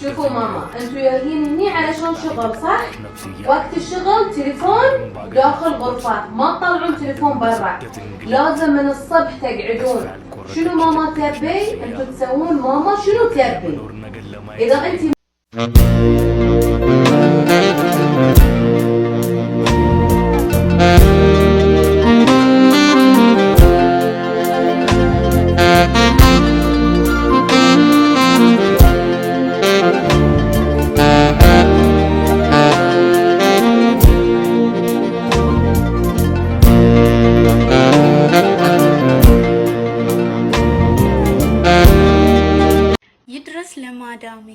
شوفوا ماما انتوا جايين هني علشان شغل صح؟ وقت الشغل تليفون داخل غرفة ما تطلعون تليفون برا لازم من الصبح تقعدون شنو ماما تبي؟ انتوا تسوون ماما شنو تبي؟ اذا انت ማዳሜ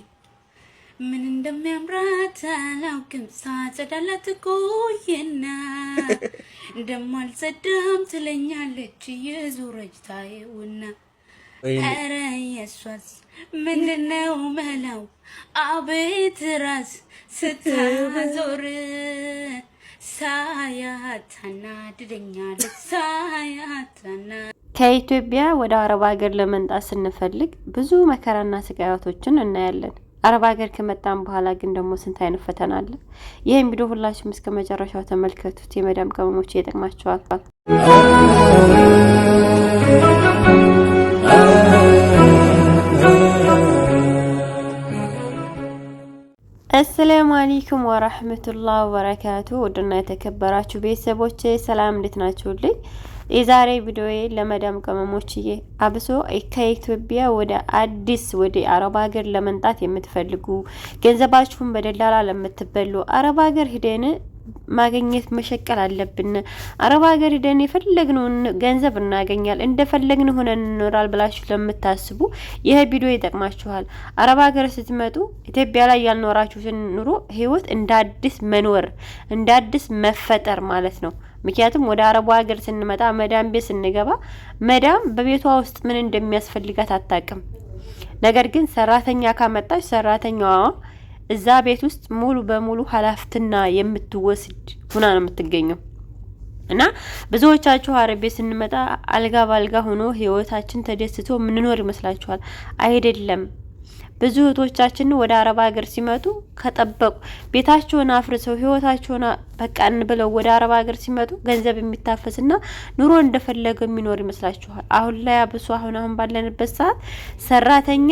ምን እንደሚያምራት አላውቅም። ሳጸዳላት ቆየና ደሞ አልጸዳም ትለኛለች የዙረጅ ታየውና ኧረ የሷስ ምንድነው መላው አቤት ራስ ስታዞር ሳያታና ድደኛለች ሳያታና ከኢትዮጵያ ወደ አረብ ሀገር ለመንጣት ስንፈልግ ብዙ መከራና ስቃያቶችን እናያለን። አረብ ሀገር ከመጣን በኋላ ግን ደግሞ ስንት አይነት ፈተና አለ። ይህም ቪዲዮ ሁላችሁም እስከ መጨረሻው ተመልከቱት። የመዳም ቅመሞች ይጠቅማችኋል። ሰላም አለይኩም ወራህመቱላ ወበረካቱ ውድና የተከበራችሁ ቤተሰቦች ሰላም እንዴት ናችሁልኝ? የዛሬ ቪዲዮዬ ለመዳም ቅመሞችዬ አብሶ ከኢትዮጵያ ወደ አዲስ ወደ አረብ ሀገር ለመንጣት የምትፈልጉ ገንዘባችሁን በደላላ ለምትበሉ አረብ ሀገር ሂደን ማግኘት መሸቀል አለብን። አረብ ሀገር ሄደን የፈለግነውን ገንዘብ እናገኛል እንደፈለግን ሆነን እንኖራል ብላችሁ ለምታስቡ ይህ ቪዲዮ ይጠቅማችኋል። አረብ ሀገር ስትመጡ ኢትዮጵያ ላይ ያልኖራችሁትን ኑሮ ህይወት እንደ አዲስ መኖር እንደ አዲስ መፈጠር ማለት ነው። ምክንያቱም ወደ አረቡ ሀገር ስንመጣ መዳም ቤት ስንገባ መዳም በቤቷ ውስጥ ምን እንደሚያስፈልጋት አታውቅም። ነገር ግን ሰራተኛ ካመጣች ሰራተኛዋ እዛ ቤት ውስጥ ሙሉ በሙሉ ሀላፍትና የምትወስድ ሁና ነው የምትገኘው። እና ብዙዎቻችሁ አረብ ቤት ስንመጣ አልጋ ባልጋ ሆኖ ህይወታችን ተደስቶ ምንኖር ይመስላችኋል። አይደለም። ብዙ እህቶቻችን ወደ አረብ ሀገር ሲመጡ ከጠበቁ ቤታቸውን አፍርሰው ህይወታቸውን በቃን ብለው ወደ አረብ ሀገር ሲመጡ ገንዘብ የሚታፈስና ኑሮ እንደፈለገ የሚኖር ይመስላችኋል። አሁን ላይ አብሶ አሁን አሁን ባለንበት ሰዓት ሰራተኛ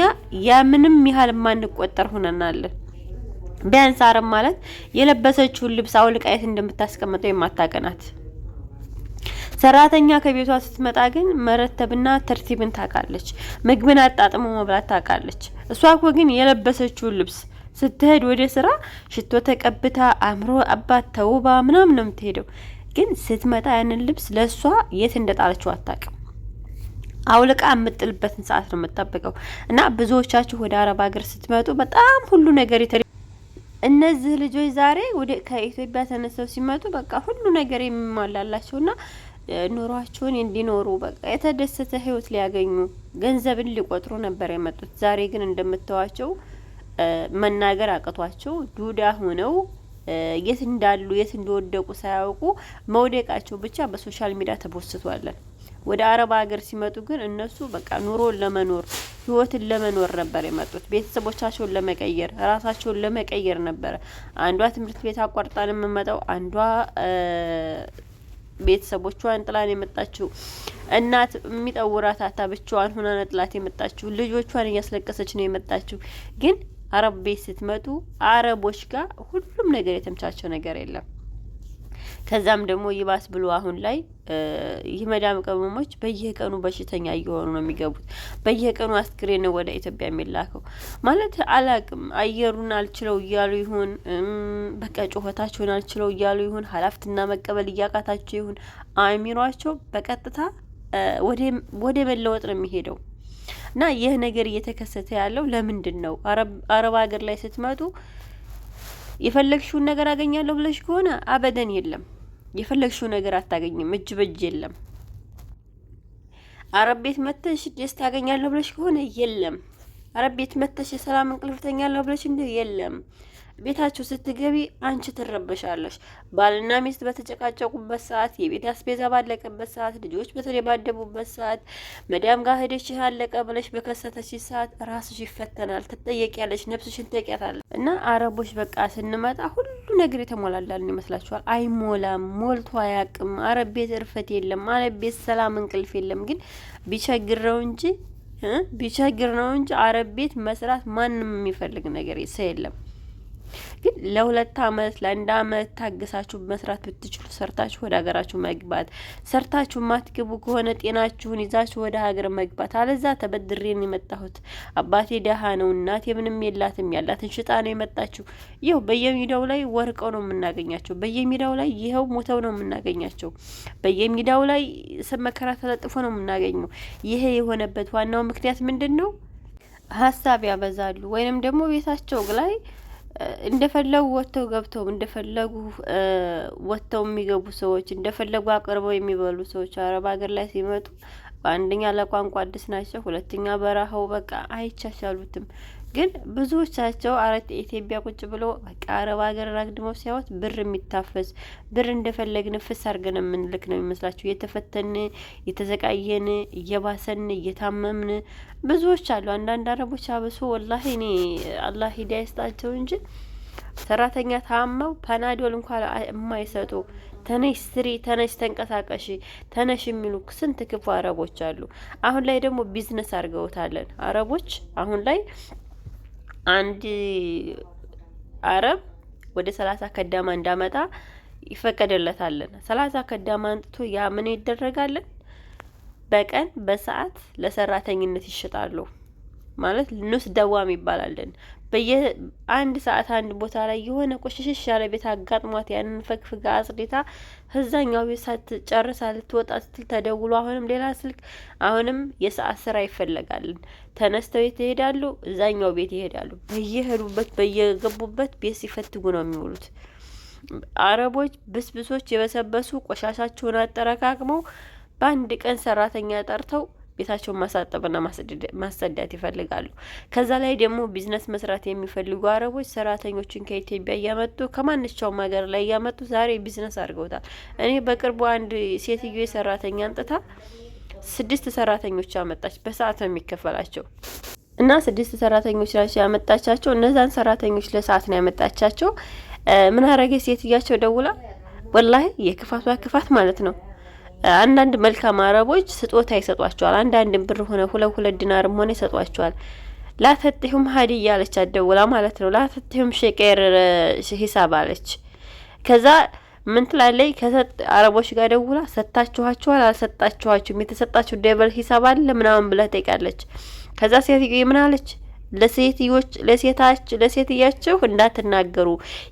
ያምንም ያህል ማንቆጠር ሆነናለን። ቢያንስ አረም ማለት የለበሰችውን ልብስ አውልቃ የት እንደምታስቀምጠው የማታቀናት ሰራተኛ ከቤቷ ስትመጣ ግን መረተብና ተርቲብን ታውቃለች። ምግብን አጣጥሞ መብላት ታውቃለች። እሷ እኮ ግን የለበሰችውን ልብስ ስትሄድ ወደ ስራ ሽቶ ተቀብታ አእምሮ አባት ተውባ ምናምን ነው የምትሄደው። ግን ስትመጣ ያንን ልብስ ለእሷ የት እንደጣለችው አታውቅም። አውልቃ የምጥልበትን ሰዓት ነው የምጠብቀው። እና ብዙዎቻችሁ ወደ አረብ ሀገር ስትመጡ በጣም ሁሉ ነገር እነዚህ ልጆች ዛሬ ወደ ከኢትዮጵያ ተነስተው ሲመጡ በቃ ሁሉ ነገር የሚሟላላቸው ና ኑሯቸውን እንዲኖሩ በቃ የተደሰተ ህይወት ሊያገኙ ገንዘብን ሊቆጥሩ ነበር የመጡት። ዛሬ ግን እንደምታዋቸው መናገር አቅቷቸው ዱዳ ሆነው የት እንዳሉ የት እንደወደቁ ሳያውቁ መውደቃቸው ብቻ በሶሻል ሚዲያ ተቦስቷለን። ወደ አረብ ሀገር ሲመጡ ግን እነሱ በቃ ኑሮን ለመኖር ህይወትን ለመኖር ነበር የመጡት። ቤተሰቦቻቸውን ለመቀየር ራሳቸውን ለመቀየር ነበረ። አንዷ ትምህርት ቤት አቋርጣን የምመጣው አንዷ ቤተሰቦቿን ጥላን የመጣችው እናት የሚጠውራት አታ ብቻዋን ሁና ነጥላት የመጣችው ልጆቿን እያስለቀሰች ነው የመጣችው። ግን አረብ ቤት ስትመጡ አረቦች ጋር ሁሉም ነገር የተመቻቸው ነገር የለም። ከዛም ደግሞ ይባስ ብሎ አሁን ላይ ይህ መዳም ቅመሞች በየቀኑ በሽተኛ እየሆኑ ነው የሚገቡት። በየቀኑ አስክሬን ነው ወደ ኢትዮጵያ የሚላከው። ማለት አላቅም፣ አየሩን አልችለው እያሉ ይሁን፣ በቃ ጩኸታቸውን አልችለው እያሉ ይሁን፣ ኃላፊትና መቀበል እያቃታቸው ይሁን፣ አእሚሯቸው በቀጥታ ወደ መለወጥ ነው የሚሄደው። እና ይህ ነገር እየተከሰተ ያለው ለምንድን ነው? አረብ ሀገር ላይ ስትመጡ የፈለግሽውን ነገር አገኛለሁ ብለሽ ከሆነ አበደን የለም። የፈለግሽው ነገር አታገኝም። እጅ በእጅ የለም። አረብ ቤት መተሽ ደስ ያገኛለሁ ብለሽ ከሆነ የለም። አረብ ቤት መተሽ የሰላም እንቅልፍ ተኛለሁ ብለሽ እንደ የለም። ቤታቸው ስትገቢ አንቺ ትረበሻለሽ። ባልና ሚስት በተጨቃጨቁበት ሰዓት፣ የቤት አስቤዛ ባለቀበት ሰዓት፣ ልጆች በተደባደቡበት ሰዓት፣ መዳም ጋር ሄደሽ አለቀ ብለሽ በከሰተሽ ሰዓት ራስሽ ይፈተናል። ትጠየቂያለሽ፣ ነፍስሽን ትጠየቂያታለሽ። እና አረቦች በቃ ስንመጣ ሁሉ ነገር የተሞላላልን ይመስላችኋል? አይሞላም። ሞልቶ አያቅም። አረቤት እርፈት የለም። አረቤት ሰላም እንቅልፍ የለም። ግን ነው እንጂ ቢቸግር ነው እንጂ አረቤት መስራት ማንም የሚፈልግ ነገር ሰው የለም። ግን ለሁለት አመት ለአንድ አመት ታግሳችሁ መስራት ብትችሉ ሰርታችሁ ወደ ሀገራችሁ መግባት፣ ሰርታችሁ ማትገቡ ከሆነ ጤናችሁን ይዛችሁ ወደ ሀገር መግባት። አለዛ ተበድሬን የመጣሁት አባቴ ደሃ ነው፣ እናቴ ምንም የላትም፣ ያላትን ሽጣ ነው የመጣችሁ ይኸው በየሜዳው ላይ ወርቀው ነው የምናገኛቸው። በየሜዳው ላይ ይኸው ሞተው ነው የምናገኛቸው። በየሜዳው ላይ ስም መከራ ተለጥፎ ነው የምናገኘው። ይሄ የሆነበት ዋናው ምክንያት ምንድን ነው? ሀሳብ ያበዛሉ ወይንም ደግሞ ቤታቸው ላይ እንደፈለጉ ወጥተው ገብተው እንደፈለጉ ወጥተው የሚገቡ ሰዎች እንደፈለጉ አቅርበው የሚበሉ ሰዎች አረብ ሀገር ላይ ሲመጡ በአንደኛ ለቋንቋ አዲስ ናቸው፣ ሁለተኛ በረሃው በቃ አይቻቻሉትም። ግን ብዙዎቻቸው አረት ኢትዮጵያ ቁጭ ብሎ በቃ አረብ ሀገር አግድመው ሲያወት ብር የሚታፈስ ብር እንደፈለግን ፍስ አርገን የምንልክ ነው የሚመስላቸው። እየተፈተን እየተዘቃየን እየባሰን እየታመምን ብዙዎች አሉ። አንዳንድ አረቦች አብሶ ወላሂ እኔ አላህ ሂዳያ ይስጣቸው እንጂ ሰራተኛ ታመው ፓናዶል እንኳን የማይሰጡ ተነሽ ስሪ፣ ተነሽ ተንቀሳቀሽ፣ ተነሽ የሚሉ ስንት ክፉ አረቦች አሉ። አሁን ላይ ደግሞ ቢዝነስ አድርገውታለን አረቦች አሁን ላይ አንድ አረብ ወደ ሰላሳ ከዳማ እንዳመጣ ይፈቀደለታለን። ሰላሳ ከዳማ አንጥቶ ያ ምን ይደረጋለን? በቀን በሰዓት ለሰራተኝነት ይሸጣሉ። ማለት ንስ ደዋም ይባላለን። በየአንድ ሰዓት አንድ ቦታ ላይ የሆነ ቆሽሽሽ ያለ ቤት አጋጥሟት ያንን ፈግፍጋ አጽዴታ ከዛኛው ቤት ሳትጨርስ ልትወጣ ስትል ተደውሎ አሁንም ሌላ ስልክ፣ አሁንም የሰዓት ስራ ይፈለጋልን። ተነስተው የት ይሄዳሉ? እዛኛው ቤት ይሄዳሉ። በየሄዱበት በየገቡበት ቤት ሲፈትጉ ነው የሚውሉት። አረቦች ብስብሶች የበሰበሱ ቆሻሻቸውን አጠረካቅመው በአንድ ቀን ሰራተኛ ጠርተው ቤታቸውን ማሳጠብና ማሰዳት ይፈልጋሉ። ከዛ ላይ ደግሞ ቢዝነስ መስራት የሚፈልጉ አረቦች ሰራተኞችን ከኢትዮጵያ እያመጡ ከማንቻውም ሀገር ላይ እያመጡ ዛሬ ቢዝነስ አድርገውታል። እኔ በቅርቡ አንድ ሴትዮ ሰራተኛ አንጥታ ስድስት ሰራተኞች አመጣች። በሰዓት ነው የሚከፈላቸው እና ስድስት ሰራተኞች ናቸው ያመጣቻቸው። እነዛን ሰራተኞች ለሰዓት ነው ያመጣቻቸው። ምን አረገ ሴትያቸው ደውላ ወላሂ የክፋቷ ክፋት ማለት ነው አንዳንድ መልካም አረቦች ስጦታ ይሰጧቸዋል። አንዳንድም ብር ሆነ ሁለት ሁለት ዲናርም ሆነ ይሰጧቸዋል። ላፈትሁም ሀዲ እያለች አደውላ ማለት ነው። ላፈትሁም ሸቄር ሂሳብ አለች። ከዛ ምን ትላለች? ከሰጥ አረቦች ጋር ደውላ ሰጥታችኋችኋል፣ አልሰጣችኋችሁም፣ የተሰጣችሁ ደብል ሂሳብ አለ ምናምን ብላ ጠይቃለች። ከዛ ሴትዮ ምን አለች? ለሴትዮች ለሴታች ለሴትያችሁ እንዳትናገሩ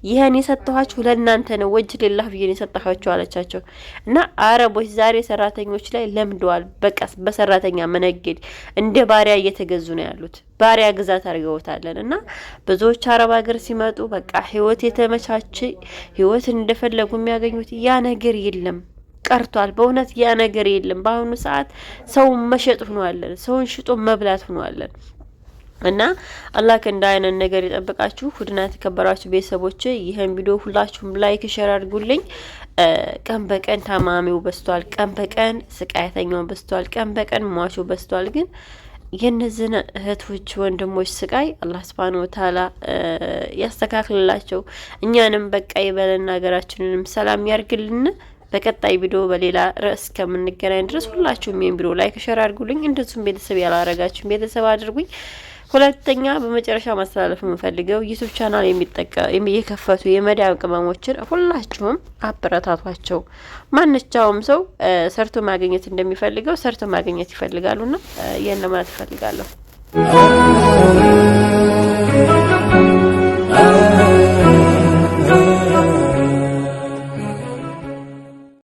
ይህን የሰጠኋችሁ ለእናንተ ነው፣ ወጅ ሌላ ብዬን የሰጠኋችሁ አለቻቸው። እና አረቦች ዛሬ ሰራተኞች ላይ ለምደዋል። በቀስ በሰራተኛ መነገድ እንደ ባሪያ እየተገዙ ነው ያሉት። ባሪያ ግዛት አድርገውታለን። እና ብዙዎች አረብ ሀገር ሲመጡ በቃ ህይወት የተመቻቸ ህይወት እንደፈለጉ የሚያገኙት ያ ነገር የለም ቀርቷል። በእውነት ያ ነገር የለም። በአሁኑ ሰዓት ሰውን መሸጥ ሆኗለን። ሰውን ሽጦ መብላት ሆኗለን። እና አላህ እንደ አይነት ነገር ይጠብቃችሁ። ሁድና የተከበራችሁ ቤተሰቦች ይህን ቪዲዮ ሁላችሁም ላይክ ሸር አድርጉልኝ። ቀን በቀን ታማሚው በስቷል ቀን በቀን ስቃይተኛው በስቷል፣ ቀን በቀን ሟቹ በስቷል። ግን የነዚህን እህቶች ወንድሞች ስቃይ አላህ ስብሃነ ወተዓላ ያስተካክልላቸው። እኛንም በቃ ይበለን፣ ሀገራችንንም ሰላም ያርግልን። በቀጣይ ቪዲዮ በሌላ ርዕስ እስከምንገናኝ ድረስ ሁላችሁም ይህን ቪዲዮ ላይክ ሸር አድርጉልኝ። እንደዚሁም ቤተሰብ ያላረጋችሁን ቤተሰብ አድርጉኝ። ሁለተኛ በመጨረሻ ማስተላለፍ የምንፈልገው ዩቱብ ቻናል የከፈቱ የመዳብ ቅመሞችን ሁላችሁም አበረታቷቸው። ማንቻውም ሰው ሰርቶ ማግኘት እንደሚፈልገው ሰርቶ ማግኘት ይፈልጋሉና ይህን ለማለት ይፈልጋለሁ።